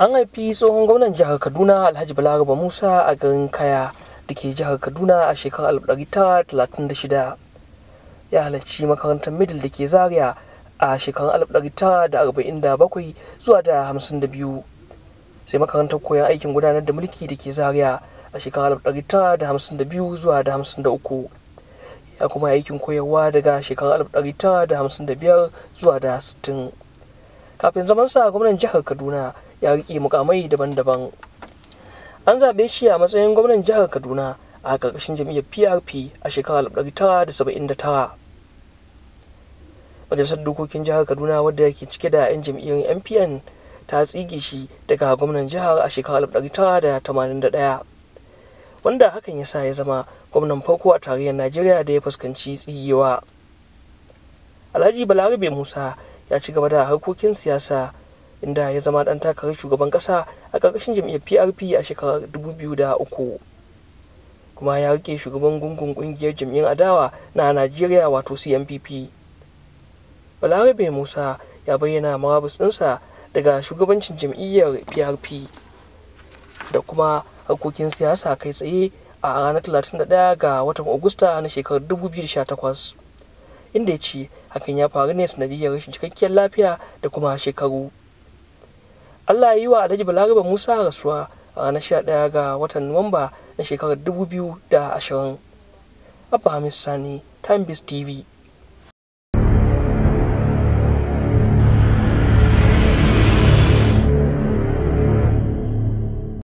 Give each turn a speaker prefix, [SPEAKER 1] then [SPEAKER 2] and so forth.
[SPEAKER 1] an haifi tsohon gwamnan jihar kaduna alhaji balaraba musa a garin kaya da ke jihar kaduna a shekarar 1936 ya halarci makarantar middle da ke zaria a shekarar 1947 zuwa da 52 sai makarantar koyon aikin gudanar da mulki da ke zaria a shekarar 1952 zuwa da 53 ya kuma aikin koyarwa daga shekarar 1955 zuwa da 60 kafin zamansa gwamnan jihar kaduna ya riƙe mukamai daban-daban an zaɓe shi a matsayin gwamnan jihar kaduna a ƙarƙashin jam'iyyar prp a shekarar 1979 majalisar dokokin jihar kaduna wadda yake cike da 'yan jam'iyyar mpn ta tsige shi daga gwamnan jihar a shekarar 1981 wanda hakan ya sa ya zama gwamnan farko a tarayyar najeriya da ya fuskanci tsigewa alhaji balarabe musa ya ci gaba da harkokin siyasa inda ya zama dan takarar shugaban kasa a ƙarƙashin jam'iyyar PRP a shekarar 2003 kuma ya rike shugaban gungun kungiyar jam'iyyar adawa na Najeriya wato CNPP Balarabe Musa ya bayyana marabus ɗinsa daga shugabancin jam'iyyar PRP da kuma harkokin siyasa kai tsaye a ranar 31 ga watan Agusta na shekarar 2018 inda ya ce hakan ya faru ne sanadiyar rashin cikakkiyar lafiya da kuma shekaru Allah ya yi wa Alhaji Balaraba Musa rasuwa a ranar 11 ga watan Nuwamba na shekarar 2020. Abba Hamis Sani, Times TV.